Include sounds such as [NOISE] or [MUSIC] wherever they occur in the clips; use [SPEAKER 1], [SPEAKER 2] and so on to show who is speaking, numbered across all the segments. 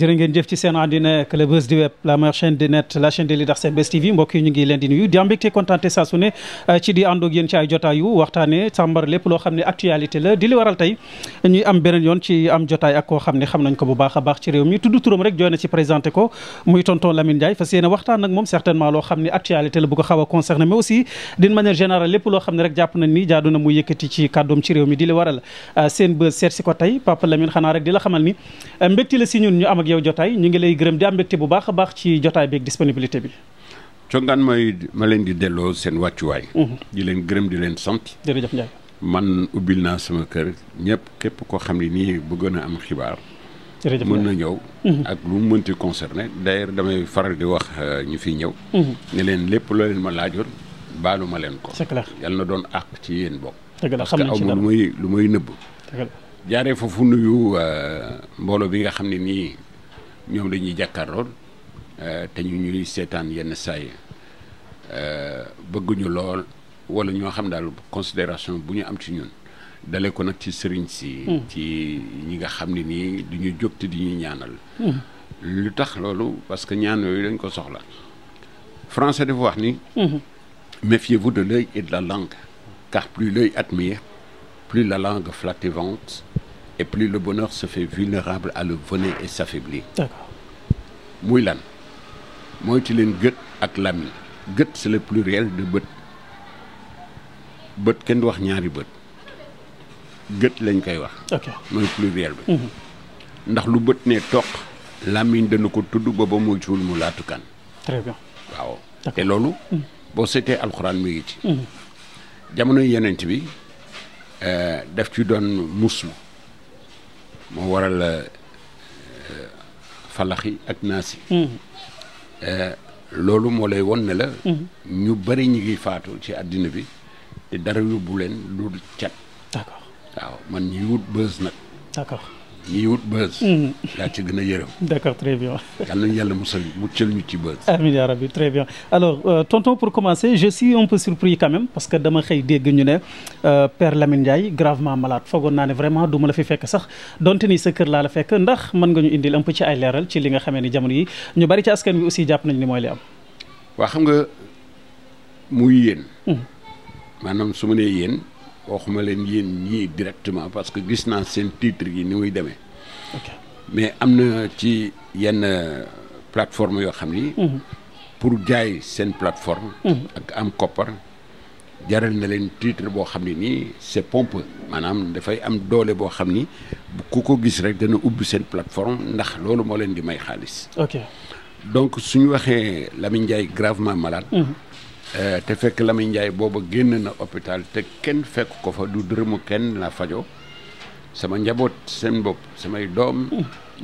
[SPEAKER 1] jërë ngeen jëf ci seen àndina ak le buzz du web la meilleure chaîne du net la chaîne des leaders Senbuzz TV mbokk yi ñu ngi leen di di am mbégte kontaante saa euh, ci di àndoog yéen ci ay jotaay waxtaane sàmbar lépp loo xam ne actualité la di li waral tey a aussi d'une manière générale lépp loo xam ne rek jàpp nañ ni jaadu na mu ci kàddoom ci réew mi di li waral euh, Senbuzz seet si ko tey Papa Lamine xanaa rek di la xamal ni euh, mbégte la si ñun ñu am ak yow ñu ngi lay gërëm di bu baax a baax ci jotaay bi ak disponibilité bi.
[SPEAKER 2] congaan mooy ma leen di delloo seen wàccuwaay. Mhm. di leen gërëm di leen sant. jërëjëf Ndiaye. man ubbil naa sama kër ñëpp képp koo xam ni nii bëggoon a am xibaar. jërëjëf mën na ñëw. Mhm. ak lu mu mënti concerné d'ailleurs damay faral di wax euh, ñu fi ñëw. Mhm. ne leen lépp loo leen ma laajoon baalu ma leen ko. c'est clair yal na doon àq ci yéen bokk. dëgg la xam nañ ci parce que aw lu may lu may nëbb. jaaree foofu nuyu euh, mbooloo bi nga xam ne nii ñoom dañuy jàkkaarlool euh, te ñu ñuy seetaan yenn saay euh, bëgguñu lool wala ñoo xam daal considération bu ñu am ci ñun dale ko nag ci sëriñ si hmm. ci ñi nga xam ne nii du ñu jóg te di ñuy ñaanal hmm. lu tax loolu parce que ñaan yooyu dañ ko soxla français dafa wax ni hmm. méfiez-vous de l'œil et de la langue car plus l'œil admire plus la langue flattivante et plus le bonheur se fait vulnérable à le voler et s'affaiblir muy lan moytu leen gët ak làmmiñ gët c'est le pluriel de bët bët kenn wax ñaari bët gët lañ koy wax mooy pluriel bi mhm. ndax lu bët ne toq làmmiñ dana ko tudd booba moytuwul mu laatukan très waaw te loolu mhm. boo seetee alxuraan mi ngi ci mhm. jamono yenent bi euh, def ci doon muslu moo waral euh, falaxi ak naasi mm-hmm. euh, loolu moo lay won ne la mm-hmm. ñu bari ñu ngi faatu ci àddina bi te dara yóbbu leen lu cat waaw man ñi wut bës nag d'accord ñiy wut bës. Mm. yaa ci gën a yërëm. d'accord très bien. yàlla nañu yàlla musal muccal ñu ci bës. amiin
[SPEAKER 1] yaa bi très bien alors euh, tonton pour commencer je suis un peu parce que dama xëy dégg ñu ne euh, Père Lamine Ndiaye gravement malaat foogoon naa ne vraiment du ma la fi fekk sax donte ni sa kër laa la fekk ndax mën nga ñu indil un peu ci ay leeral ci li nga xamee ni jamono yi ñu bari ci askan bi aussi jàpp nañu ni mooy li am.
[SPEAKER 2] waa xam nga muy yéen. Mm. maanaam su ma nee waxuma leen yéen ñii directement parce que gis naa seen titre yi ni muy demee. mais am na ci yenn euh, plateforme yoo xam ni. Mhm. pour jaay seen plateforme. Mhm. ak am koppar jaral na leen titre boo xam ne nii c'est pompeux maanaam dafay am doole boo xam ni ku ko gis rek dana ubbi seen plateforme ndax loolu moo leen di may xaalis. ok donc suñu waxee Lamine Ndiaye gravement malade. Mhm. Euh, te fekk Lamine Ndiaye booba génn na hôpital te kenn fekk ko fa du dërëmu kenn naa fajo sama njaboot seen bopp samay doom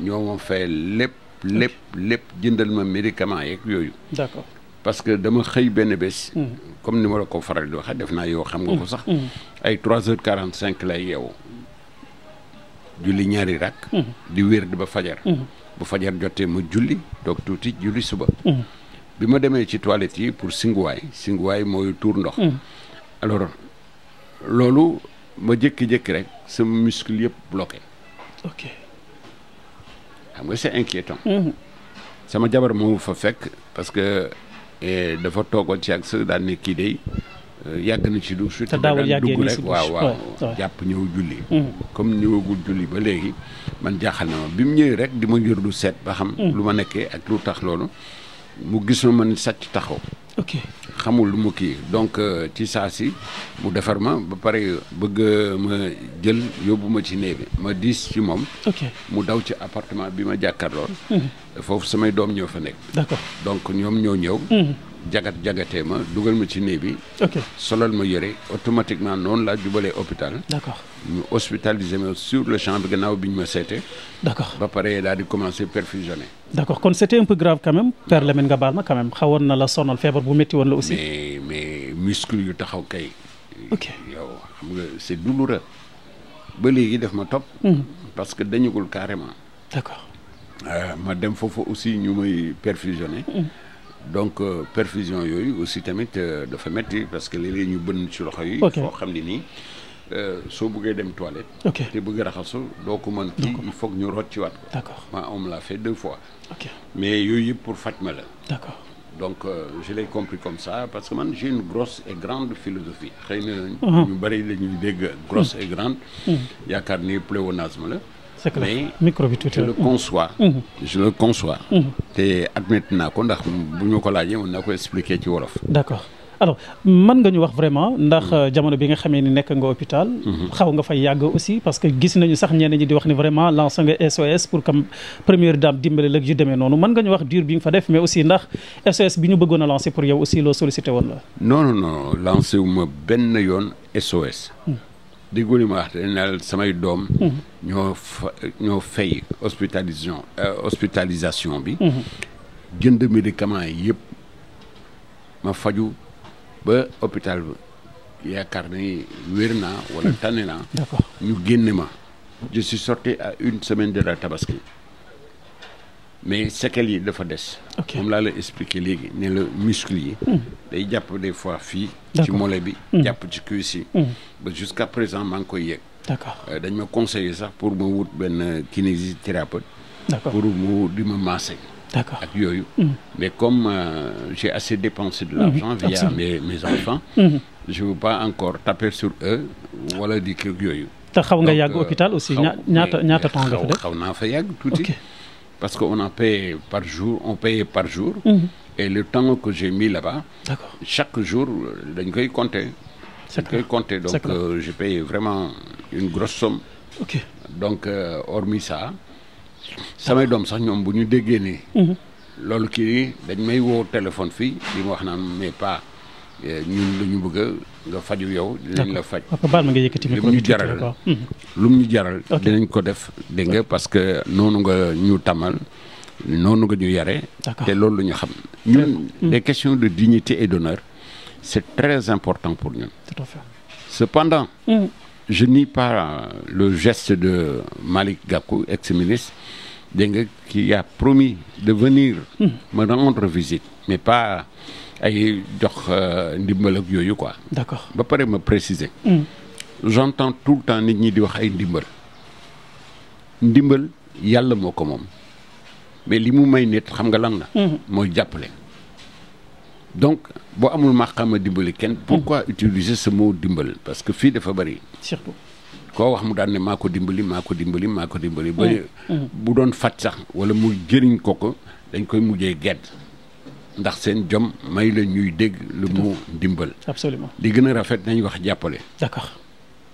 [SPEAKER 2] ñoo ma fay lépp lépp lépp jëndal ma médicament yeeg yooyu d'accord que dama xëy benn bés mm. comme ni ma la ko faral di waxee def naa yow xam nga ko mm. sax mm. ay trois quarante cinq lay yeewu julli ñaari rakk di wér di ba fajar bu fajar jotee ma julli toog tuuti julli suba bi ma demee ci toilette yi pour singuwaay singuwaay mooy tuur ndox. Hmm. alors loolu ma jékki-jékki rek sama muscle yëpp bloqué. ok xam nga c'est inquiétant. Hmm. sama jabar moomu fa fekk parce que eh, dafa toogoon ci ak sa daan ne kii de euh, yàgg na ci douche. te daawul yàggee nii si douche waaw waaw oh, jàpp ñëw julli. Hmm. comme ñëwagul julli ba léegi man jaaxal na ma bi mu ñëwee rek di ma njër du seet ba xam. lu ma nekkee ak lu tax loolu. mu gis ma man sàcc taxaw. ok xamul lu mu kii donc euh, ci saa si mu defar ma ba pare bëgg ma jël yóbbu ma ci néeg ma diis ci moom. mu daw ci appartement bi ma jàkkaarloo. Hmm. foofu samay doom ñëw fa nekk. d'accord donc ñoom ñoo ñëw. Hmm. jagat jagatee ma dugal ma ci néeg bi. ok solal ma yëre automatiquement noonu laa jubalee hôpital. d'accord ñu hospitalisé ma sur le champ bi gannaaw bi ñu ma seete. d'accord ba pare daal di commencer perfusionner.
[SPEAKER 1] d'accord kon c'était un peu grave quand même Père Lamine nga baal ma quand xawoon na la sonal feebar bu métti woon la aussi.
[SPEAKER 2] mais mais yu taxaw kay. ok yow xam nga c'est douloureux. ba léegi def ma topp. Mm-hmm. parce que dañugul carrément. d'accord. Euh, ma dem foofu aussi ñu may perfusionné. Mm-hmm. donc euh, perfusion yooyu aussi tamit euh, dafa métti parce que léeg ñu bënn ci loxo yi. foo xam ne nii. Euh, soo buggee dem toilette. ok te bëgg raxasu doo ko man kii il faut ñu root ci waat ko. d'accord ma on l'a fait deux fois. mais yooyu yëpp pour faj ma la. d'accord donc euh, je l'ai compris comme ça parce que man j'ai une grosse et grande philosophie. xëy na mhm. ñu bari la ñuy dégg grosse mhm. et grande. Mhm. yaakaar ni pléonasme la. c'est clair micro bi tuuti je le conçois. je le conçois. te admettre naa ko ndax bu ñu ko laajee mën na ko expliquer ci wolof. d'accord.
[SPEAKER 1] alors mën nga ñu wax vraiment ndax euh, jamono bi nga xamee ni nekk nga hôpital. Mhm. xaw nga fay yàgg aussi parce que gis nañu sax ñenn ñi di wax ni vraiment lancé nga SOS pour que première dame dimbali la yu demee noonu mën nga ñu wax dur bi nga fa def mais aussi ndax SOS bi ñu bëggoon a lancé pour yow aussi loo sollicité woon la.
[SPEAKER 2] non non non lancé wu ma benn yoon SOS. Mhm. déggoo li ma wax ne samay doom. Mhm. ñoo fa fay hospitalisation euh, hospitalisation bi. jënd médicament yëpp ma ba hôpital bi yaakaar ni wér naa wala hmm. tànne naa ñu génne ma je sorti à une semaine de la tabaski mais séquelles yi dafa des moom laa la expliqué léegi ne la muscle yi hmm. day jàpp des fois fii ci mollet bi hmm. jàpp ci cuisse ba jusqu'à présent maa ngi koy yëg euh, dañ ma conseillé sax pour ma wut benn kinésithérapeute d'accord pour mu di ma masser D'accord. Yo-yo. Mm. Mais comme euh, j'ai assez dépensé de l'argent mm -hmm. mes, enfants, mm-hmm. je ne pas encore taper sur eux. Voilà, dit que yo-yo. Tu as euh, à l'hôpital aussi Combien de temps tu as fait yag, tout okay. Parce qu'on en paye par jour, on paye par jour. Mm-hmm. Et le temps que j'ai mis là-bas, chaque jour, je compter. Je compter. Donc, euh, j'ai payé vraiment une grosse somme. Donc, euh, hormis ça, samay doom sax ñoom bu ñu déggee nii. Mhm. loolu kii dañ may woo téléphone fii di ma wax naan mais pas eh, ñun la ñu bëgg nga faju yow. dinañ la faj baal ma nga yëkkati li mu ñu jaral mhm. lu mu ñu jaral. dinañ ko def dégg nga parce que noonu nga ñu tamal noonu nga ñu yare te loolu la ñu xam. ñun de mhm. questions de dignité et d'honneur c'est très important pour ñun. cependant. je nie pas euh, le geste de Malick Gakou ex-ministre dégg nga ki a promis de venir hmm. me rendre visite mais pas ay jox euh, ndimbal ak yooyu quoi d'accord ba pare ma préciser hmm. j'entends tout le temps nit ñi di wax ay ndimbal ndimbal yàlla moo ko moom mais li mu may nit xam nga lan la hmm. mooy jàppale donc boo amul maqaama dimbali kenn pourquoi utiliser sa moo dimbal parce que fii dafa bëri surtout koo wax mu daan ne maa ko dimbali maa ko dimbali maa ko dimbali ba mm. Mm. bu doon faj sax wala mu jëriñ ko ko dañ koy mujjee gedd ndax seen jom may la ñuy dégg le mu dimbal absolument li gën a rafet nañ wax jàppale d'accord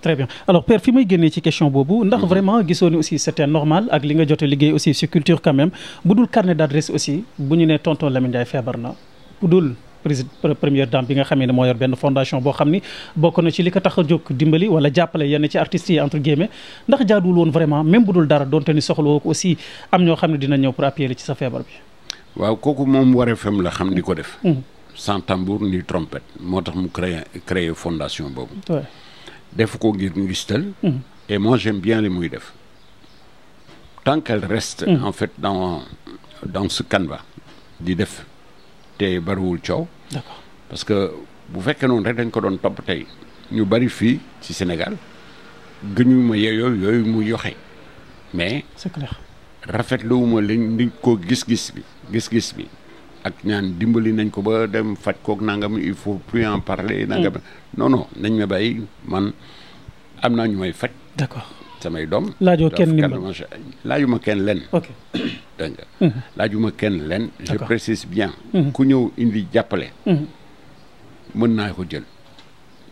[SPEAKER 1] très bien alors père fi may génnee ci question boobu ndax mm-hmm. vraiment gisoo ni aussi c'était normal ak li nga jot a liggéey aussi sur culture quand même bu dul carnet d'adresse aussi bu ñu ne tonton Lamine Ndiaye feebar na première dame bi nga xamee ne moo yor benn fondation boo xam ni bokk na ci li ko tax a jóg dimbali wala jàppale yenn ci artistes yi entre guillemets ndax jaaduwul woon vraiment même bu dul dara doonte ni soxla woo ko aussi am ñoo xam ne dina ñëw pour appuyer ci sa feebar bi.
[SPEAKER 2] waaw kooku moom wareefam la xam di ko def. Mm-hmm. sans tambour ni trompette moo tax mu créé créé fondation boobu. def ko ngir ngistal mm-hmm. et moi bien li muy def. tant qu'elle reste. Mm-hmm. en fait dans dans ce di def te bariwul coow. d'accord parce que bu fekkee noonu rek dañ ko doon topp tey ñu bari fii ci Sénégal gëñu ma yeyoo yooyu mu yoxe mais c'est clair lañ liñ liñ ko gis-gis bi gis-gis bi ak ñaan dimbali nañ ko ba dem faj kook nangam il faut plus en parler. nanga mm. non non nañ ma bàyyi man am naa ñu may faj. d'accord. samay doom. laajoo kenn ndimbal laajuma kenn lenn. ok [COUGHS] dégg nga. [COUGHS] Mhm. laajuma kenn lenn. je précise bien. Mhm. ku ñëw indi jàppale. Mhm. mën naa ko jël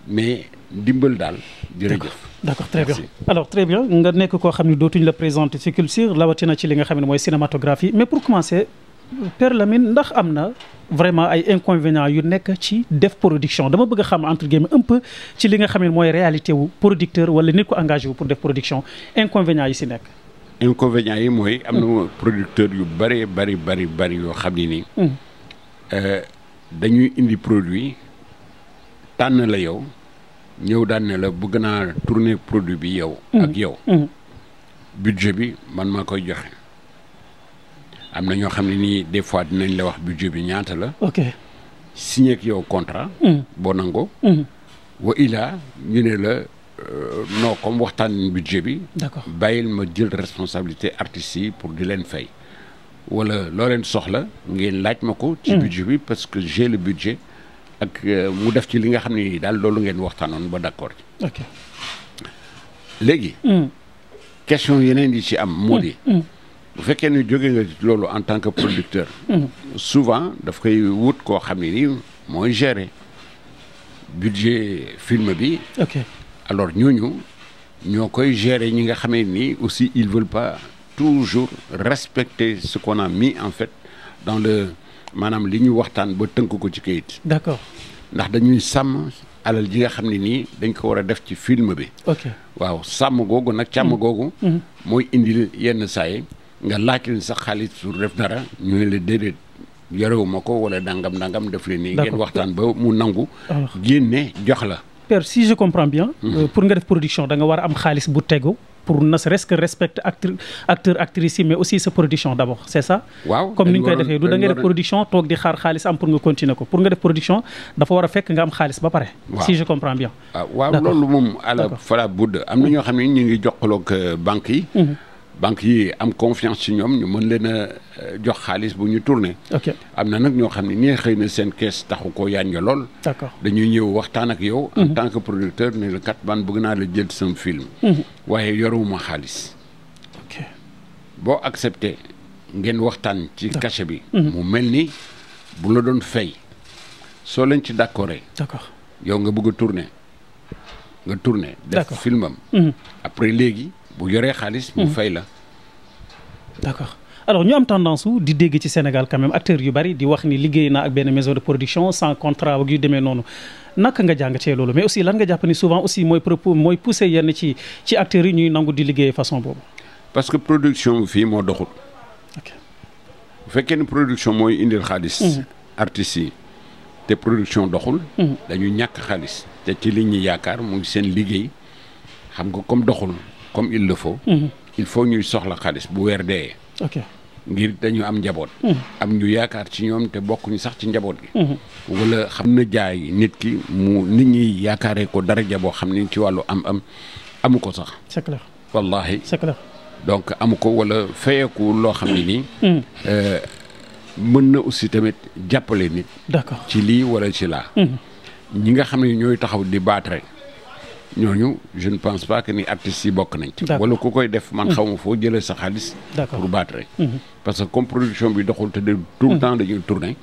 [SPEAKER 2] mais ndimbal daal jërëjëf. d' accord très bien
[SPEAKER 1] alors très bien nga nekk koo xam ne dootuñ la présenter ci culture na ci li nga xam ne mooy cinématographie mais pour commencer Père Lamine ndax am na vraiment ay inconvénients yu nekk ci def production dama bëgg a xam entre guillemets un peu ci li nga xam mooy réalité wu producteur wala nit ko engagé wu pour def production inconvénients yi si nekk.
[SPEAKER 2] inconvénients yi mooy. am na producteur yu bëree bëri bëri bëri yoo xam ne nii. Hmm. Euh, dañuy indi produit tànn la yow ñëw daan ne la bëgg naa tourner produit bi yow. Hmm. ak yow. Hmm. budget bi man maa koy joxe. am na ñoo xam ne nii des fois dinañ la wax budget bi ñaata la. ok signé yow contrat. Mm. boo nangoo. Mm. wa illah ñu ne la euh, non comme waxtaan budget bi. d'accord bàyyil ma jël responsabilité artistes yi pour di leen fay. wala loo leen soxla ngeen laaj ma ko. ci mm. budget bi parce que j'ai le budget. ak euh, mu def ci li nga xam ne daal loolu ngeen waxtaanoon ba d'accord. ok léegi. question yeneen yi ci am. moo di. bu fekkee ni jóge nga loolu en tant que producteur souvent daf koy wut koo xam ni nii mooy gérer budget film bi ok alors ñooñu ñoo koy gérer ñi nga xamee nii aussi ils veulent pas toujours respecter ce qu'on a mis en fait dans le maanaam li ñu waxtaan ba tënk ko ci kayit d'accord ndax dañuy sàmm alal ji nga xam ne nii dañ ko war a def ci film bi waaw sàmm googu nag càmm mm. googu mm. mooy indil yenn saa yi nga laaj leen sax xaalis su def dara ñu ne la déedéet yorewuma ko wala dangam dangam def leen nii. ngeen waxtaan ba mu nangu. génne jox la.
[SPEAKER 1] père si je comprends bien. Mhm. Euh, pour nga def production da nga war a am xaalis bu tegu. pour na serait-ce que respecte acteur acteur actrice yi mais aussi sa production d' abord c' est ça. waaw comme ni ñu koy defee du da ngay def production toog di xaar xaalis am pour nga continuer ko pour nga def production dafa war a fekk nga am xaalis ba pare. Ah,
[SPEAKER 2] euh, yi. Mhm. banques yii am confiance ci ñoom ñu mën leen a euh, jox xaalis bu ñu tourné. ok am na nag ñoo xam ne ñee xëy na seen kees taxu koo yaaññe lool. d'accord dañuy ñëw waxtaan ak yow. en mhm. tant que producteur ne la kat man bëgg naa la jël sam film. Mhm. waaye yorewuma xaalis. boo accepté ngeen waxtaan ci cachet bi. Mhm. mu mel ni bu la doon fay soo leen ci d'accordé. d'accord yow nga bëgg a tourné nga tourné. def filmam. après léegi. bu yoree xaalis mu hmm. fay la
[SPEAKER 1] d'accord alors ñu am tendance wu di dégg ci Sénégal quand même yu bari di wax ni liggéey naa ak benn maison de production sans contrat ak yu demee noonu naka nga jàngatee loolu mais aussi lan nga jàpp ni souvent aussi mooy propos mooy pousser yenn ci ci acteurs yi ñuy nangu di liggéey façon boobu.
[SPEAKER 2] parce que production fii moo doxul. bu fekkee ni production mooy indil xaalis. Hmm. artistes yi te production doxul. Hmm. dañu ñàkk xaalis te ci li ñuy yaakaar mu seen liggéey xam nga comme doxul. comme il le faut. Mhm. il faut ñuy soxla xaalis bu weer dee. ok ngir dañu am njaboot. Mhm. am ñu yaakaar ci ñoom te bokkuñu sax ci njaboot gi. Mhm. wala xam na jaay nit ki mu nit ñi yaakaaree ko daraja boo xam ne ci wàllu am-am amu ko sax. c'est clair wallaahi. donc amu ko walla fayeeku loo xam ne nii. Euh, mën na aussi tamit jàppale nit. d'accord ci lii wala ci laa. ñi nga xam ne ñooy taxaw di baat rek. ñooñu je ne pense pas que ni artistes yi bokk nañ ci. wala ku koy def man mmh. xaw ma foo jëlee sa xaalis. pour battre. Mmh. parce que comme production bi doxul te de tout le mmh. temps dañuy tourner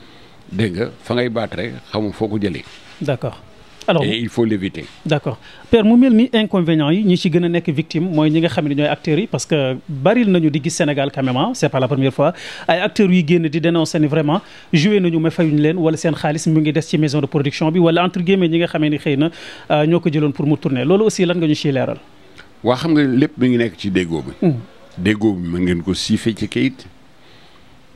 [SPEAKER 2] dégg nga fa ngay battre xaw ma foo ko jëlee.
[SPEAKER 1] d'accord. alors et
[SPEAKER 2] il faut l'éviter
[SPEAKER 1] d'accord père ni inconvénients yi ñi ci gën a nekk victime mooy ñi nga xam ne ñooy acteurs yi parce que baril nañu di gis Sénégal quand même c'est pas la première fois ay acteurs yi génn di dénoncer ni vraiment joué nañu ma fayuñ leen seen xaalis mu ngi des ci maison de production bi wala entre guillemets ñi nga xamee ni na euh, ñoo ko jëloon pour mu tourner loolu aussi lan nga ñu ciy xam
[SPEAKER 2] nga lépp mi ngi nekk ci déggoo bi hmm. déggoo bi ngeen ko siife ci kayit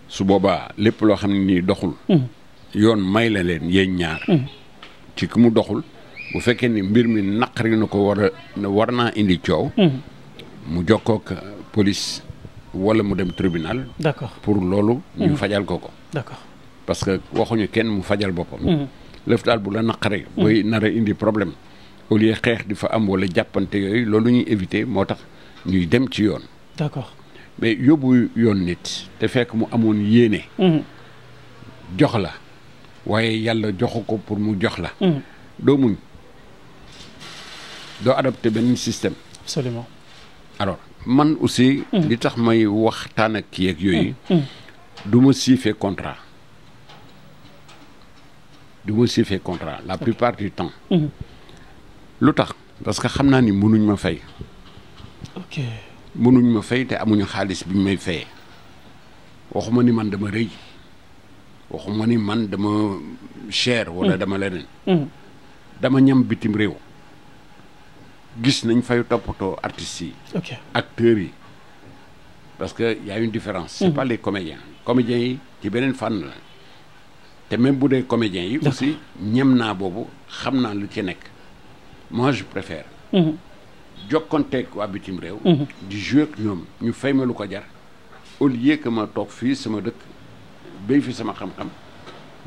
[SPEAKER 2] su boobaa lépp loo xam ne nii doxul hmm. yoon may la leen yéen ñaar hmm. ci ki mu doxul bu fekkee ni mbir mi naqari na ko war a war naa indi coow. Mhm. mu jokkook police wala mu dem tribunal. d'accord pour loolu. ñu mhm. fajal ko ko. d'accord que waxuñu kenn mu fajal boppam. Mhm. lëf daal bu la naqaree. booy nar a indi problème. au lieu xeex di fa am wala jàppante yooyu loolu ñuy éviter moo tax ñuy dem ci yoon. d'accord mais yóbbu yoon nit. te fekk mu amoon yéene. jox la. waaye yàlla joxu ko pour mu jox la. Mm. doo muñ doo adapté benn système. absolument alors man aussi. Mm. li tax may wax waxtaan ak kii ak yooyu. Mm. du ma siifee contrat du ma siifee contrat la plupart du temps.
[SPEAKER 3] lu
[SPEAKER 2] tax parce que xam naa ni mënuñ ma fay. ok mënuñ ma fay te amuñu xaalis bi ñu may fayee waxuma ni man dama rëy. waxuma ni man dama cher. wala hmm. dama leneen. Hmm. dama ñam bitim réew. gis nañ fay toppatoo artistes yi. ok yi parce que y a une différence. c'est hmm. pas les comédiens comédiens yi ci beneen fànn la te même bu dee comédiens yi. aussi ñem naa boobu xam naa lu ci nekk. moi je préfère. jokkonteeg waa bitim réew. di jouer ak ñoom ñu fay ma lu ko jar au ma toog fii sama dëkk. béy fi sama xam-xam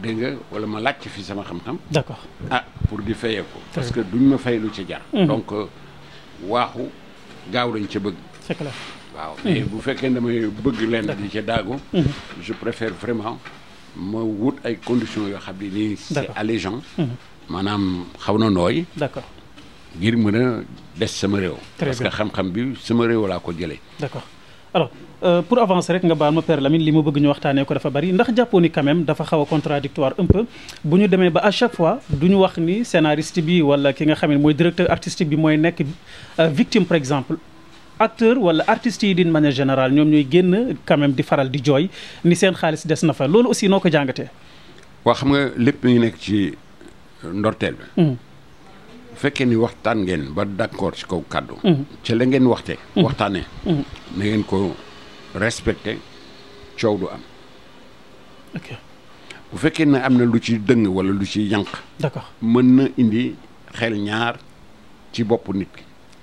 [SPEAKER 2] dégg nga wala ma làcc fi sama xam-xam. d'accord ah pour di fayee ko. parce que duñ ma fay lu ci jar. Mm-hmm. donc euh, waaxu gaaw dañ ca bëgg. c'est waaw mais bu fekkee damay bëgg leen di ca daagu. Mm-hmm. je préfère vraiment ma wut ay conditions yoo xam ne nii. c'est allégeant. Mm-hmm. maanaam xaw na nooy. d'accord ngir mën a des sama réew. parce que xam-xam bi sama réew laa ko jëlee.
[SPEAKER 1] d'accord Euh, pour avancer rek nga baal ma la Lamine li ma bëgg ñu waxtaanee ko dafa bari ndax jàppoo ni quand dafa xaw a contradictoire un bu ñu demee ba à chaque fois du ñu wax ni scénariste bi wala ki nga xam ne mooy directeur artistique bi mooy nekk euh, victime par exemple acteur wala artistes yi d'une manière général ñoom ñooy génn quand di faral di jooy ni seen xaalis des na fa loolu aussi noo ko jàngatee.
[SPEAKER 2] waa xam nga lépp ñu nekk ci ndorteel bi. Mm. fekkee ni waxtaan ngeen ba d'accord ci kaw kàddu. Mm. la ngeen waxte mm. waxtaanee. na ngeen ko. respecté coow du am. bu fekkee ne am na lu ci dëng wala lu ci yànq. d'accord mën na indi xel ñaar ci bopp nit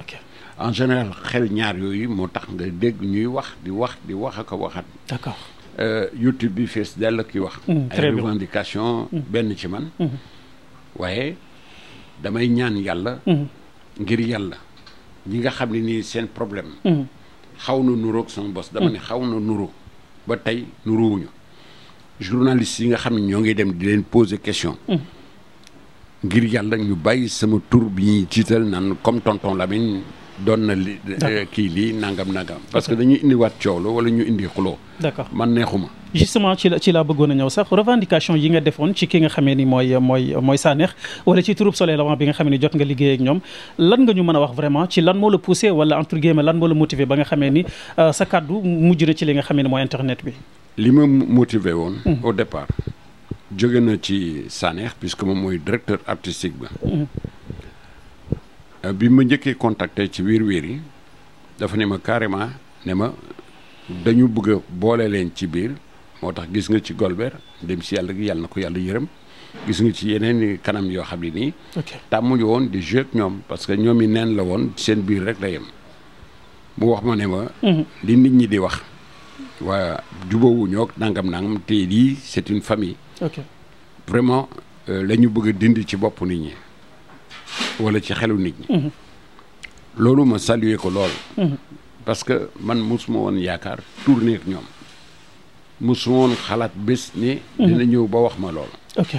[SPEAKER 2] ki. en général xel ñaar yooyu moo tax nga dégg ñuy wax di wax di wax ak a waxaat. d'accord euh, YouTube bi fees dell ki wax. Hmm, ay revendication hmm. benn ci man. Hmm. waaye damay ñaan yàlla. ngir yàlla ñi nga xam ne nii seen problème. xaw na nuroog sama bos dama ne mm. xaw na nuroo ba tey nuroowuñu journaliste yi nga xam ne ñoo ngi dem di leen poser question mm. ngir yàlla ñu bàyyi sama tur bi ñuy jiital naan comme tonton Lamine doon na li eh, kii lii nangam nangam. parce que dañuy indiwaat coow la wala ñu indi xuloo. d'accord man neexuma.
[SPEAKER 1] justement ci la ci laa bëggoon a ñëw sax revendication yi nga defoon ci ki nga xamee ni mooy mooy mooy Sanex wala ci troupe Soleil Levant bi nga xamee ni jot nga liggéey ak ñoom lan nga ñu mën a wax vraiment ci lan moo la poussé wala entre guillemets lan moo la motivé ba nga xame ni euh, sa kàddu mujj na ci li nga xamee ni mooy internet bi.
[SPEAKER 2] li ma motivé woon. Hmm. au départ jóge na ci Sanex puisque moom mooy directeur artistique ba. Hmm. Euh, bi ma njëkkee contacté ci wiir wiir yi dafa ne ma carrément ne ma dañu bëgg boole leen ci biir moo tax gis nga ci Golbert dem si yàlla yàlla na ko yàlla yërëm gis nga ci yeneen i kanam yoo xam ne nii. tàmmuñu woon di jouer ñoom parce que ñoom yi neen la woon seen biir rek la yem. mu wax ma ne ma. Mhm. li nit ñi di wax. waa jubóowuñoo ak nangam nangam te lii c'est une famille. ok vraiment euh, la ñu dindi ci bopp nit ñi. walla ci xelu nit ñi. loolu ma saluer ko lool. parce que man mosuma woon yaakaar tourner ak ñoom mosuma woon xalaat bés ni dina ñëw ba wax ma lool. ok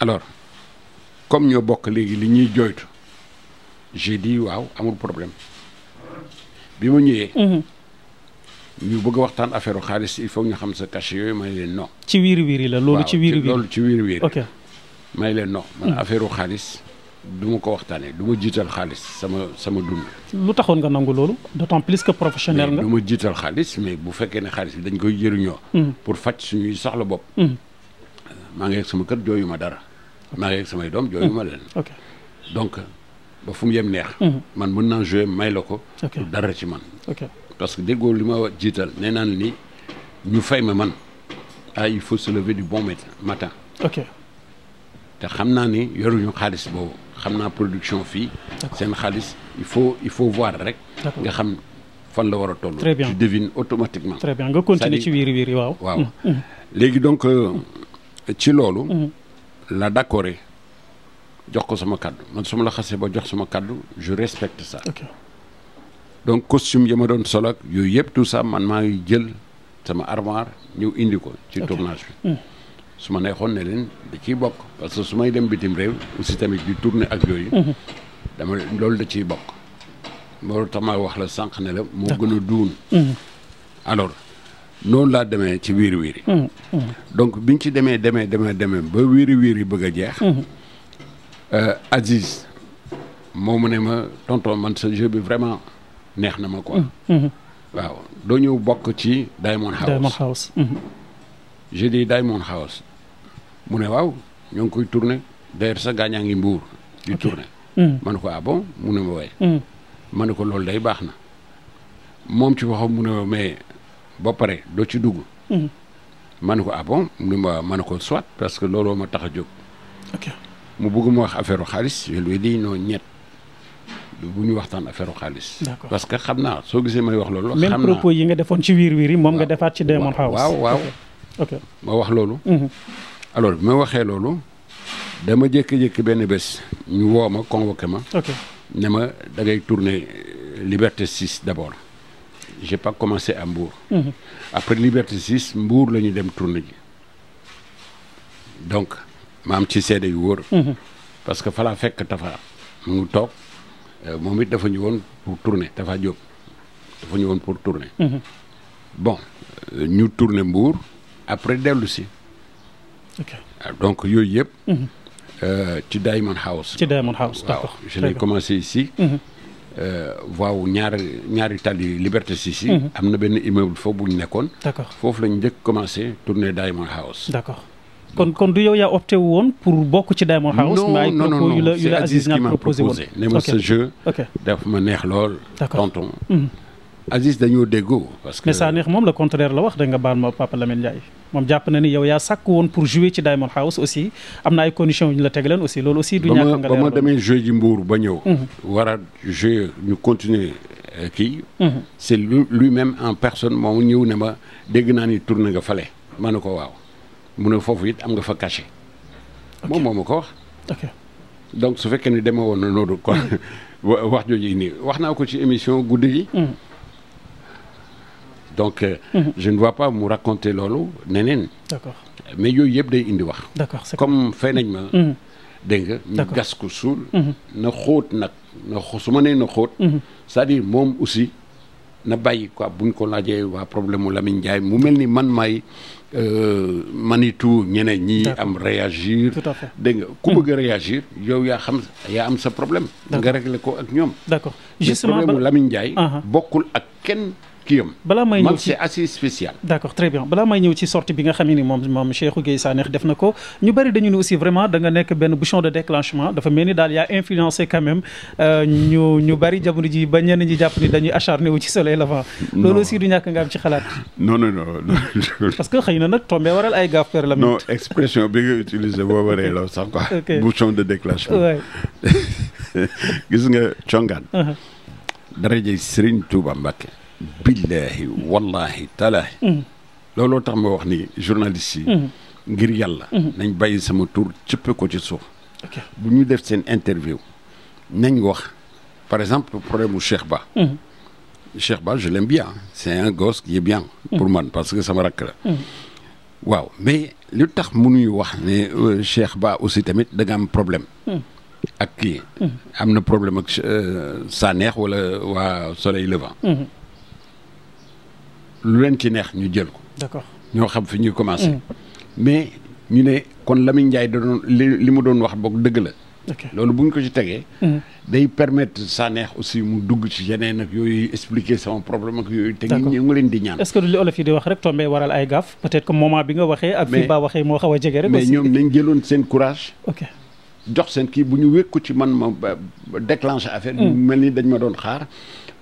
[SPEAKER 2] alors comme ñoo bokk léegi li ñuy jooytu j'ai dit waaw amul problème bi ma ñëwee. Mhm. ñu bëgg a waxtaan affaire xaalis il faut ñu xam sa cachet yooyu may leen non. ci wiiri wiiri la loolu ci wiiri wiiri ci wiiri wiiri. ok may leen non. man mhm. affaire xaalis. du ma ko waxtaanee du ma jiital xaalis sama sama dund.
[SPEAKER 1] lu taxoon nga nangu loolu d'autant plus que professionnel nga.
[SPEAKER 2] du jiital xaalis mais bu fekkee ne xaalis bi dañ koy jëriñoo. Hmm. pour faj suñuy soxla bopp.
[SPEAKER 1] Hmm. Euh,
[SPEAKER 2] maa ngi ak sama kër jooyu ma dara. maa ngi ak samay doom jooyu ma hmm. leen. donc ba fu yem neex. man mën naa jouer may la ko. dara ci man. parce que déggoo li ma jiital nee naan ni ñu fay ma man ah il faut se lever du bon matin.
[SPEAKER 4] te
[SPEAKER 2] xam naa ni yoruñu xaalis boobu. xam naa production fii seen xaalis il faut il faut voir rek nga xam fan la war a toll très bien tu devines automatiquement très bien nga continuer ci wiiri wiiri waaw waaw mm, mm. léegi donc euh, ci loolu mm. la d'accord jox ko sama kàddu man su ma la xasee ba jox sama kàddu ju respecte ça donc costume yi ma doon sol yooyu yëpp tout ça man maa ngi jël sama armoire ñëw indi ko ci tournage bi su ma neexoon ne leen da ciy bokk parce que su may dem bitim réew aussi tamit di tourner ak yooyu. Mhm. dama loolu da ciy bokk. loolu tax ma wax la sànq ne la moo gën a duun. Mhm. alors noonu laa demee ci wiiri wiiri. Mhm. donc biñ ci demee demee demee demee ba wiiri wiiri bëgg a jeex. Euh, Aziz moo mu ne ma tonton man sa jeu bi vraiment neex na ma quoi. waaw doo ñëw bokk ci Diamond House Diamond House. j'ai dit Diamond House mu ne waaw ñoo ngi koy tourné d'ailleurs sa gaañaa ngi mbuur di tourné mm. ma ko ah mu ne ma way mm. ma ne ko loolu day baax na moom ci waxam mu ne mais ba pare doo ci dugg mm. ma ko ah bon mu ne ma ma ne ko soit parce que looloo ma tax a jóg mu bëgg ma wax affaire xaalis je lui ai dit ñett bu ñu waxtaan affaire xaalis. parce que xam naa soo gisee may wax loolu. xam naa même propos
[SPEAKER 1] yi nga defoon ci wiir wiir yi moom nga defaat ci Demon House. waaw waaw
[SPEAKER 2] ma wax loolu. Mm-hmm. alors bi ma waxee loolu dama jékki-jékki benn bés ñu woo ma convoqué ma. ok ne ma da ngay tourner euh, Liberté 6 d' abord j'ai pas commencé à Mbour. Mmh. après Liberté 6 Mbour la ñu dem tourner ji donc ma am ci seede yu wóor. Mhm. parce que falaa fekk Tafa mu toog euh, moom it dafa ñu woon pour tourner Tafa Diop dafa ñu woon pour tourner. Mhm. bon euh, ñu tourner Mbour après dellu si. Ah, donc yooyu yëpp. Mhm. Euh, ci Diamond House. ci Diamond House d'accord waaw je l'ai commencé mhm. euh, waaw ñaari ñaari tali Liberté si yi. Mhm. am na benn immeuble foofu bu ñu nekkoon. d'accord foofu la ñu njëkk commencé tourner Diamond House.
[SPEAKER 1] d'accord kon kon du yow yaa opté wu woon pour bokk ci Diamond House. mais ay propos yu la yu la Aziz Niane sa jeu.
[SPEAKER 2] daf ma neex lool. d'accord tonton. Aziz dañoo déggoo. parce que mais
[SPEAKER 1] Sanekh moom le contraire la wax da nga baal ma Papa Lamine Ndiaye moom jàpp na ni yow yaa sàkk woon pour jouer ci Diamond House aussi am na ay conditions yu ñu la teg leen aussi loolu aussi. du ñàkk nga ba ma mhm.
[SPEAKER 2] ñu continuer euh, kii. Mhm. c' est lui même en personne moom ñëw ne ma dégg naa ni tourné nga fale. ma ne ko waaw mu ne foofu it am nga fa cachet. moom moo ma ko wax. donc su fekkee ni demee woon na loolu kon [LAUGHS] wax jooju nii wax naa ko ci émission guddi yi donc euh, mhm. je ne vois pas mu raconter loolu neneen d'accord mais yooyu yëpp day indi wax d'accord comme fay nañ ma mhm. dégg nga ñu gas ko suul mhm. na xóot nag na su ma nee na xóot c'est-à-dire moom aussi na bàyyi quoi buñ ko laajee waa problème mu Lamine Ndiaye mu mel ni man maay euh, manitu ñeneen ñi am réagir dégg nga ku bëgg a réagir yow yaa xam yaa am sa problème nga réglé ko ak ñoom d'accord justement problème mu Lamine Ndiaye uh-huh. ak kenn kiyam balaa may
[SPEAKER 1] ñëw ci man bi nga xam ni moom moom Cheikhou Gueye Sanékh def na ko ñu bari dañu ne aussi vraiment da nekk benn bouchon de déclenchement dafa mel ni daal yaa influencé quand même euh, ñu bari jamono ji ba ñenn ñi jàpp ni dañuy acharné wu ci soleil levant. loolu aussi du ñàkk nga am ci xalaat. non
[SPEAKER 2] non non. [LAUGHS] parce que xëy na nag tombé waral ay gaaf kër la. non expression bi nga utilisé boo waree la sax quoi. bouchon de déclenchement. [LAUGHS] gis nga congaan. Uh-huh. dara jëy Serigne Touba Mbacké. billaahi wallaahi talaahi mm. looloo tax ma wax ni journaliste yi mm. ngir yàlla mm. nañ bàyyi sama tur cëppe ko ci suuf bu ñu def seen interview nañ wax par exemple problème mu Cheikh Ba Cheikh Ba je l'aime bien c'est un gosse qui est bien pour man parce que sama rakk la waaw mais lu tax mu mënuñu wax ne euh, Cheikh Ba aussi tamit da nga am problème ak kii am na problème ak euh, neex wala waa Soleil Levant lu leen ci neex ñu jël ko. d'accord ñoo xam fi ñuy commencé. Mm. mais ñu ne kon Lamine Ndiaye da doon li li mu doon wax boog dëgg la. loolu bu ñu ko ci tegee. Mm. day permettre Sanekh aussi mu dugg ci yeneen ak yooyu expliquer sama problème ak yooyu. te ñu ngi leen di ñaan.
[SPEAKER 1] est-ce que du li olof yi di wax rek tombé waral ay gaaf peut-être que bi nga waxee. ak fi ba waxee
[SPEAKER 2] moo xaw a jege rek. mais ñoom nañ jëloon seen courage. ok jox seen kii bu ñu ko ci man ma déclenché affaire. Mm. mel ni dañ ma doon xaar.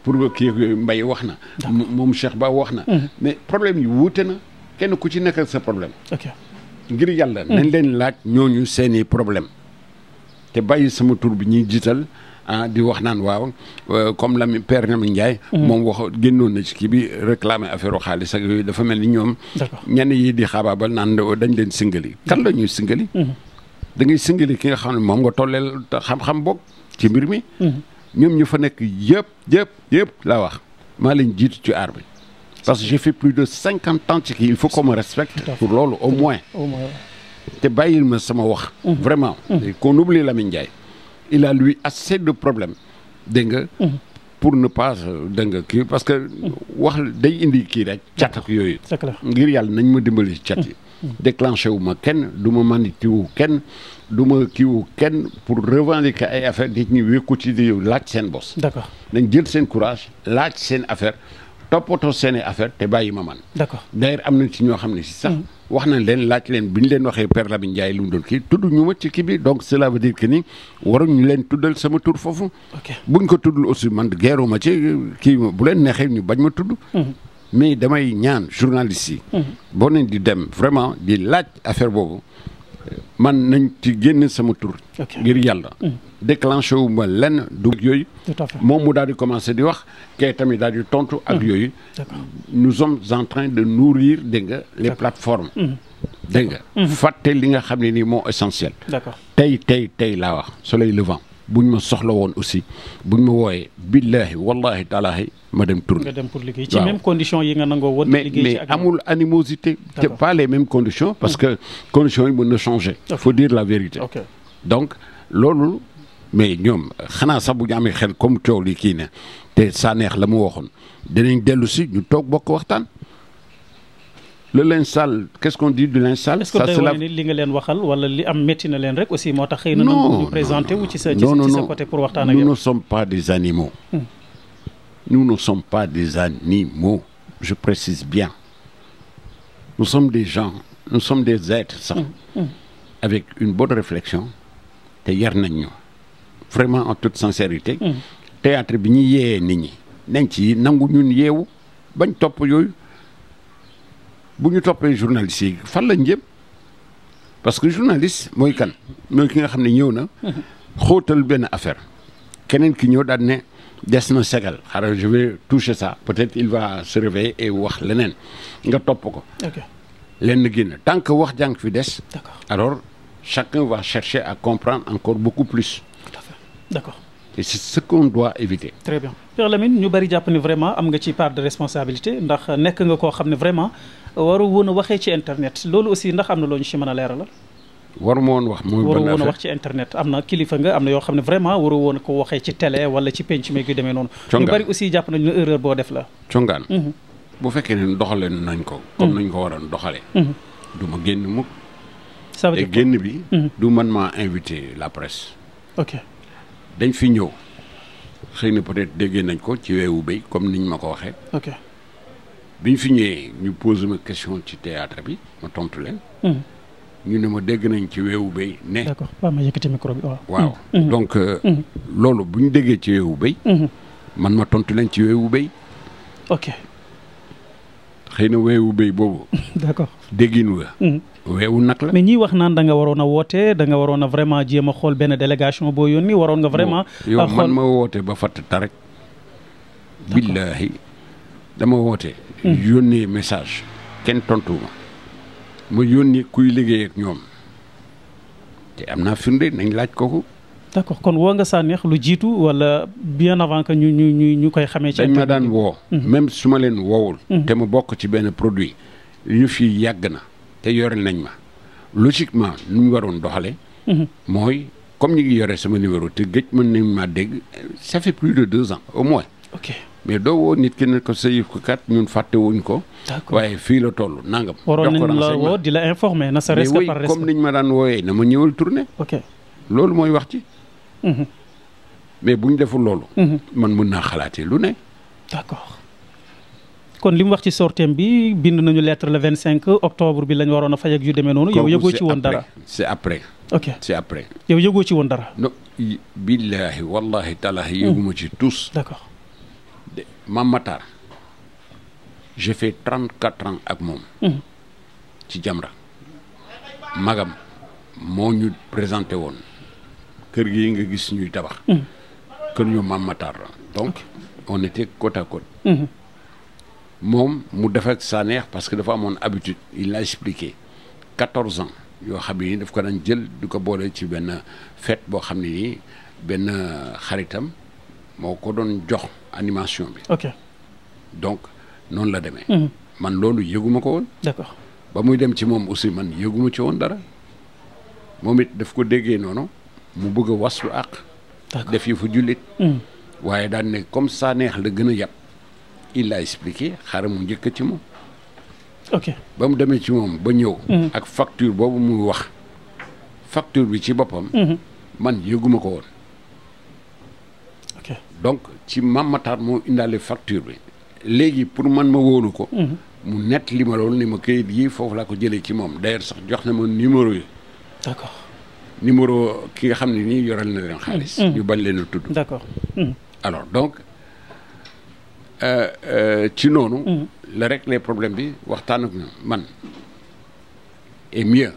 [SPEAKER 2] pour kii Mbaye wax na. moom Cheikh Ba wax na. Mm-hmm. mais problème yi wuute na kenn ku ci nekk sa problème. ngir yàlla. Mm-hmm. nañ leen laaj ñooñu seen i problème te bàyyi sama tur bi ñuy jiital. Ah, di wax naan waaw euh, comme Lamine mi Lamine Ndiaye. Mm-hmm. moom wax génnoon na ci kii bi réclamer affaire xaalis ak yooyu dafa mel ni ñoom. ñenn yi di xaabaabal naan dañ leen singali. kan la ñuy singali. da ngay ki nga xam ne moom nga tolleel xam-xam boog ci mbir mi. ñoom ñu fa nekk yëpp yëpp yëpp laa wax maa leen jiitu ci aar bi parce que j'ai fait plus de cinquante ans kii il faut qu'on me respecte pour loolu au moins te bàyyil ma sama wax mmh. vraiment mmh. qu'on oublie Lamine Ndiaye il a lui assez de problèmes dégg nga mmh. pour ne pas euh, dégg nga kii parce que wax day indi kii rek cat ak yooyu ngir yàlla nañ ma dimbali ci cat yi déclenché wu ma kenn du ma manité wu kenn du ma kii kenn pour revendiquer ay affaire nit ñi wékku ci di laaj seen bos. d'accord nañ jël seen courage laaj seen affaire toppatoo seen i te bàyyi ma man. d'accord d'ailleurs am na ci ñoo xam ne si sax. Mm. wax nañ leen laaj leen bi ñu leen waxee per Lamine Ndiaye lu mu doon kii tudd ñu ma ci kii bi donc cela veut dire que ni waruñu leen tuddal sama tur foofu. buñ ko tuddul aussi man geeru ma ci kii bu leen neexee ñu bañ ma tudd. Mm. mais damay ñaan journaliste yi. boo leen di dem vraiment di laaj affaire boobu man nañ ci génn sama tur. ngir yàlla. déclenché wu ma lenn du yooyu. moom mu daal di commencé di wax kay tamit daal di tontu ak yooyu. nu sommes en train de nourrir dégg nga plateforme plateformes. dégg nga. li nga xam ne nii moo essentiel. tey tey tey laa wax soleil levant. bu ñu ma soxla woon aussi bu buñ ma wooyee billaahi wallaahi taalaahi ma dem tourner. nga dem pour liggéey
[SPEAKER 1] ci yi nga nangoo woon. mais mais amul
[SPEAKER 2] animosité. pas les mêmes condition parce hmm. que condition yi mën na changer. faut dire la vérité. donc loolu. mais ñoom xanaa sax bu ñu amee xel comme coow li kii na te saa neex la mu waxoon dinañ dellu si ñu toog bokk waxtaan. le linge sale qu'est-ce qu'on dit du linge sale. ça c'est la
[SPEAKER 1] li nga leen waxal wala li am métti na leen rek aussi moo tax. xëy na ñu présenté wu ci sa ci sa côté pour waxtaan ak yow. Hmm.
[SPEAKER 2] nous ne sommes pas des animaux. nous ne sommes pas des je précise bien nous sommes des gens nous sommes des êtres sax. Hmm, hmm. avec une bonne réflexion te yar nañ ñu vraiment en toute sincérité. théâtre bi ñu yee nit ñi nañ ci nangu ñun yeewu bañ topp yooyu. bu ñu toppee journaliste yi fan lañ jëm parce que journaliste mooy kan mooy ki nga xam ne ñëw na. xóotal benn affaire keneen ki ñëw daan ne des na segal xaaral je toucher ça peut-être il va se et wax leneen nga topp ko. lenn génn tant que wax jàng fi des. alors chacun va chercher à comprendre encore beaucoup plus. tout à si d'accord. et c'est ce qu'on doit éviter.
[SPEAKER 1] ñu bari jàpp ni vraiment am nga ci part de responsabilité ndax nekk nga koo xam ne vraiment. waru woon a waxee ci internet loolu aussi ndax am na loo ñu si mën a leeral la
[SPEAKER 2] waru ma woon wax muy waru woon a wax
[SPEAKER 1] ci internet am na kilifa nga am na yoo xam ne vraiment waru woon ko waxee ci télé wala ci penc mi gi
[SPEAKER 2] demee noonu ñu bari
[SPEAKER 1] aussi jàpp nañu ne erreur boo def la
[SPEAKER 2] congaan mhm. bu fekkee ne doxale nañ ko comme mhm. nañ ko waroon doxalee mhm. du ma génn mukk ça génn bi du man maa invité la presse ok dañ fi ñëw xëy na peut-être déggee nañ ko ci weewu béy comme niñ ma ko waxee ok bi ñu fi ñëwee ñu posé ma question ci théâtre bi ma tontu leen. Hmm. ñu ne ma dégg nañ ci weewu béy ne. d'accord waaw ma yëkkati micro bi waaw. waaw hmm. Hmm. donc euh, loolu bu ñu déggee ci weewu bay man ma tontu leen ci weewu bay ok. xëy na weewu bay boobu. [LAUGHS] d'accord déggin wa weewu nag la mais
[SPEAKER 1] ñii wax naan da nga waroon a wootee da nga waroon a vraiment jéem a xool benn délégation boo yoon yónni waroon nga vraiment. man ma
[SPEAKER 2] woote ba fatt tarak billaahi dama woote. yónnee message kenn tontuwuma ma yónni kuy liggéey ak ñoom te am naa firnde nañ laaj ko ko
[SPEAKER 1] d'accord kon woo nga Sanekh lu jiitu wala bien avant que ñu ñu ñu ñu koy xamee. ci dañ ma
[SPEAKER 2] daan woo. Mhm. même su ma leen woowul. Mhm. te mu bokk ci benn produit. yu fii yàgg na te yore nañ ma logiquement nu ñu waroon doxale mhm. mooy comme ñu ngi yore sama numéro te gëj mën nañ maa dégg ça fait plus de deux ans au moins. mais doo woo nit ki ne ko sa yëf ko kat ñun fàtte ko. waaye fii la toll nangam. waroon nañ la woo
[SPEAKER 1] di la informer na sa risque par risque. comme niñ
[SPEAKER 2] ma daan wooyee na ma ñëwal tourné. loolu mooy wax ci. Mhm. mais bu ñu deful loolu. Mhm. man mën naa xalaatee lu ne. d'accord
[SPEAKER 1] kon li mu wax ci sortem bi bind nañu lettre le vingt cinq octobre bi lañu waroon a faj ak yu demee noonu. yow yëgoo ci woon dara
[SPEAKER 2] c'est après. ok c'est après. yow yëgoo ci woon dara. no billaahi wallaahi talaahi. Mhm. Mame Matar j'ai fait trente quatre ans ak moom. Hmm. ci Jamra magam moo ñu présenté woon kër gi nga gis ñuy dabax hmm. kër ñu Mame Matar la donc on était côte à côte. Hmm. moom mu def sa neex parce que dafa amoon habitude il l'a expliqué quatorze ans yoo xam ne nii daf ko daan jël du ko boole ci benn fête boo xam ne nii benn xaritam. moo ko doon jox animation bi. ok donc noonu la demee. Mhm. man loolu yëguma ko woon. ba muy dem ci moom aussi man yëguma ci woon dara moom it daf ko déggee noonu mu bëgg a waslu àq. def yi fu jullit. Mhm. waaye daan ne comme ça neex la gën a yàpp il l'a expliqué mu njëkk ci moom. ba mu demee ci moom ba ñëw. Mhm. ak facture boobu muy wax facture bi ci boppam. man yëguma ko woon. donc ci Mame Matar moo indaale facture bi léegi pour man ma wóolu ko mhm. mu nett li ma ni ma kayit yi foofu laa ko jëlee ci moom d'ailleurs sax jox na ma numéro yi d'accord numéro ki nga xam ne nii yoral na leen xaalis mhm. ñu bañ leen la tudd d'accord mhm. alors donc euh, euh, ci noonu la rek les problèmes bi waxtaan ak man et mieux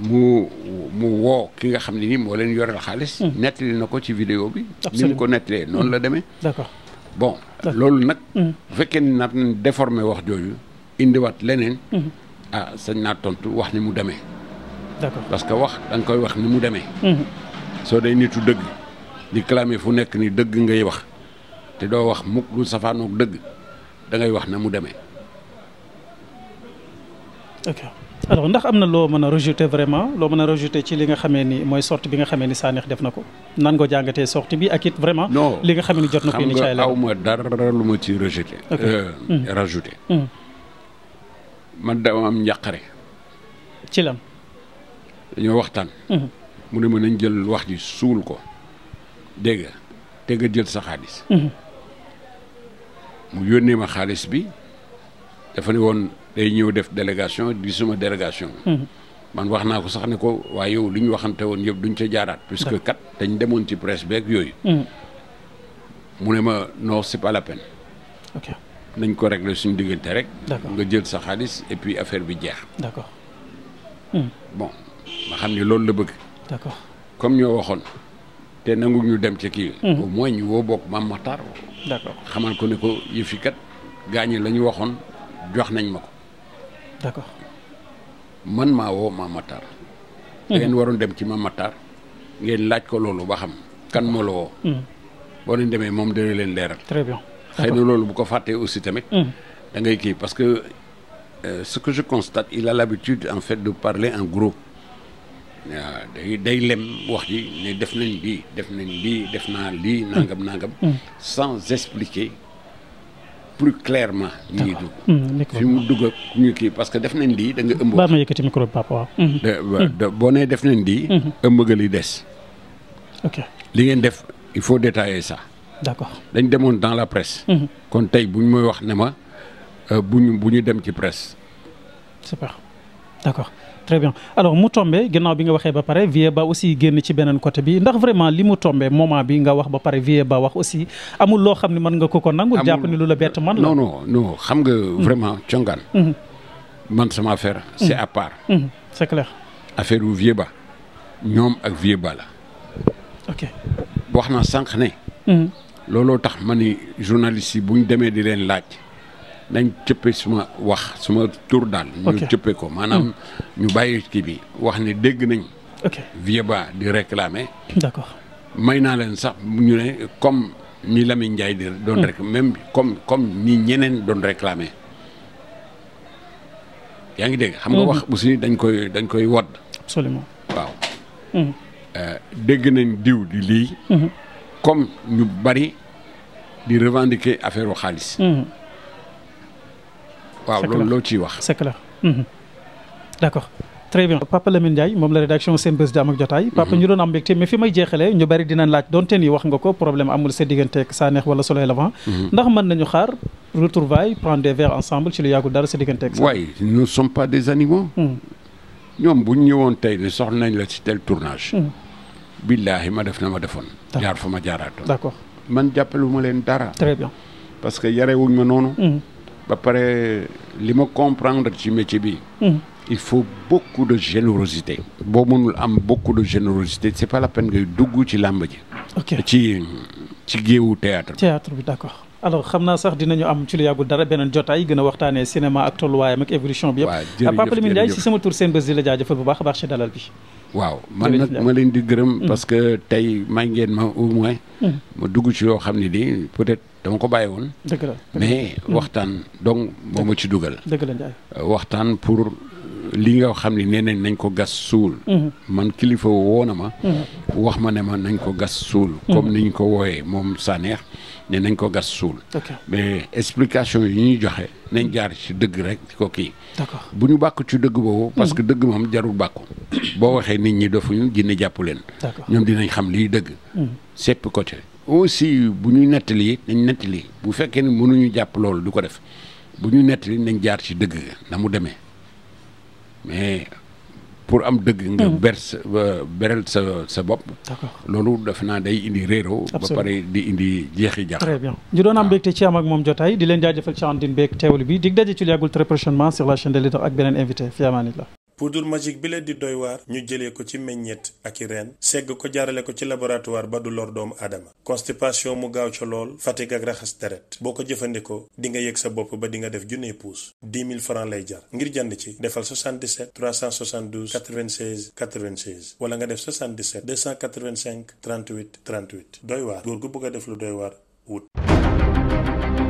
[SPEAKER 2] mu mu woo ki nga xam ne nii moo leen yoreel xaalis. Hmm. nettali na ko ci vidéo bi. ni mu ko nettalee noonu hmm. la demee. d'accord bon loolu nag. Hmm. bu fekkee ne naat nañ déformé wax jooju indiwaat leneen. ah sañ naa tontu wax ni mu demee. d'accord parce que wax da koy wax ni mu demee. soo dee nitu dëgg di clamé fu nekk ni dëgg ngay wax te doo wax mukk lu safaanoog dëgg da wax na mu demee.
[SPEAKER 1] alors ndax am na loo mën a rejeté vraiment loo mën a rejeté ci li nga xamee ni mooy sortie bi nga xamee ni Sanekh def na ko nan nga jàngatee sortie bi ak it vraiment. li nga xamee ni jot na ko. incha allah xam nga aw ma dara lu ma
[SPEAKER 2] euh, mm. Mm. man dama am njàqare. waxtaan. Mm-hmm. mu ne ma nañ jël wax ji suul ko dégg te nga jël sa xaalis. Mm-hmm. mu yónnee ma xaalis bi dafa ne woon. day ñëw def délégation di suma délégation. Mhm. man wax naa ko sax ne ko waaye yow li ñu waxante woon yëpp duñ ca jaaraat. puisque kat dañ demoon ci presse beeg yooyu. Mhm. mu ne ma non c'est pas la peine. nañ ko regle suñu diggante rek. nga jël sa xaalis et puis affaire bi jeex. d'accord. Mhm. bon ma xam ni loolu la bëgg. d'accord comme ñoo waxoon. te nangu ñu dem ca kii. au moins ñu woo bokk maam Matar. d'accord xamal ko ne ko yëfi kat gaañi la ñu waxoon jox nañ ma ko. d'accord man maa woo Mame Matar. Mhm. ngeen waroon dem ci Mame Matar ngeen laaj ko loolu ba xam kan moo la woo. Mhm. boo leen demee moom dina leen leeral. très bien xëy na loolu bu ko fàttee aussi tamit. Mhm. da ngay kii parce que euh, ce que je constate il a l'habitude en fait de parler en gros. waaw day day lem wax ji ni def nañ lii def nañ lii def naa lii nangam nangam. sans expliquer. plus clairement. ñuy dugg mmh, fi mu dugg ak kii parce que def na lii da nga ëmb. baal ma yëkkati micro papa waaw. Mmh. Mmh. boo ne def na lii. ëmb nga li des. li ngeen def il faut détailler ça. d'accord dañ demoon dans la presse. kon tey bu ñu may wax ne ma euh, bu ñu bu ñu dem ci presse.
[SPEAKER 1] d'accord très bien alors mu tombé ginnaaw bi nga waxee ba pare Vieux Ba aussi génn ci beneen côté bi ndax vraiment li mu tombé moment bi nga wax ba pare Vieux Ba wax aussi amul loo xam ne mën nga ko ko nangul jàpp ni lu la bett man la non
[SPEAKER 2] non xam nga hmm. vraiment congaan hmm. man sama affaire hmm. c'est à part c'est clair affaire wu Vieux Ba ñoom ak Vieux Ba la ok wax naa sànq ne looloo tax ma ni journaliste yi bu ñu demee di leen laaj nañ cëppe suma wax suma tur daal. ñu cëppe ko maanaam mm. ñu bàyyi kii bi wax ni dégg nañ. ok Ba di réclamer. d'accord may naa leen sax ñu ne comme ni Lamine Ndiaye di doon mm. rek même comme comme ni ñeneen doon réclamer. yaa ngi dégg xam nga mm-hmm. wax aussi dañ koy dañ koy wodd. absolument waaw. Mm. Euh, dégg nañ diw di lii. Mm-hmm. comme ñu bari di revendiquer affaire xaalis. Mm-hmm. waaw loolu loo ciy wax
[SPEAKER 1] c'est clair mhm. Papa Lamine Ndiaye moom la rédaction Senbuzz di am ak jotaay mhm. papa ñu doon am mbégte mais fi may jeexalee ñu bari dinañ laaj donte ni wax nga ko problème amul sa diggante ak Sanekh wala Soleil mhm. ndax mën nañu xaar retrouvailles prendre des verres ensemble ci lu yàggul dara sa diggante ak
[SPEAKER 2] des animaux ñoom buñ ñëwoon tey ne soxla nañ la ci tel tournage billaahi ma def na ma defoon jaar fa ma jaaraatoon d'accord man jàppaluma leen dara très bien parce ba pare li ma comprendre ci métier bi. Hmm. il faut beaucoup de générosité. boo mënul am beaucoup de générosité c'est pas la peine ngay dugg ci làmb ji. ok ci ci géewu théâtre bi.
[SPEAKER 1] théâtre bi d'accord. alors xam naa sax dinañu am ci lu yàggul dara beneen jotaay gën a waxtaanee cinéma ak tolluwaayam ak évolution bi yëpp. waaw jërëjëf Papa Lamine Ndiaye si sama tur seen bés di la jaajëfal bu baax a baax ci dalal bi.
[SPEAKER 2] waaw man nag ma leen di gërëm. Hmm. parce que tey may ngeen ma au hmm. ma dugg ci yoo xam ne dama ko bàyyi woon. dëgg mais waxtaan donc moo ma ci dugal. dëgg euh, waxtaan pour li nga xam ne nee nañ nañ ko gas suul. Mhm. man kilifa woo na ma. Mhm. wax ma ne ma nañ ko gas suul. Mhm. comme niñ ko wooyee moom Sanex ne nañ ko gas suul. mais explication yi ñuy joxe nañ jaar ci dëgg rek di ko kii. bu ñu bàkk ci dëgg boobu. parce que dëgg moom jarul bàkku boo waxee nit ñi dofuñu jinne jàpp leen. ñoom dinañ xam lii dëgg. seppi côté. aussi bu ñuy nettali nañ nettali bu fekkee ne mënuñu jàpp lool du ko def bu ñuy nettali nañ jaar ci dëgg na mu demee mais pour am dëgg. nga hmm. ber sa beral sa sa bopp. loolu def naa day indi réero. ba pare di indi jeexi jaax.
[SPEAKER 1] très bien ñu doon am ah. ci am moom jotaay di leen jaajëfal ci àndin beeg teewlu bi dig daje ci yàggul très prochainement sur la chaîne de leader ak beneen invité fi amaanillah
[SPEAKER 2] pour magique bi leen di doy waar ñu jëlee ko ci meññeet ak i ren segg ko jaarale ko ci laboratoire ba du lor doomu aadama constipation mu gaaw ca lool fatigue ak raxas deret boo ko jëfandikoo di nga yëg sa bopp ba di nga def junne puus 10 mille francs lay jar ngir jànd ci defal 77 372 96 96 wala nga def 77 285 38 38 doy waar góor gu bëgg a def lu doy waar wut.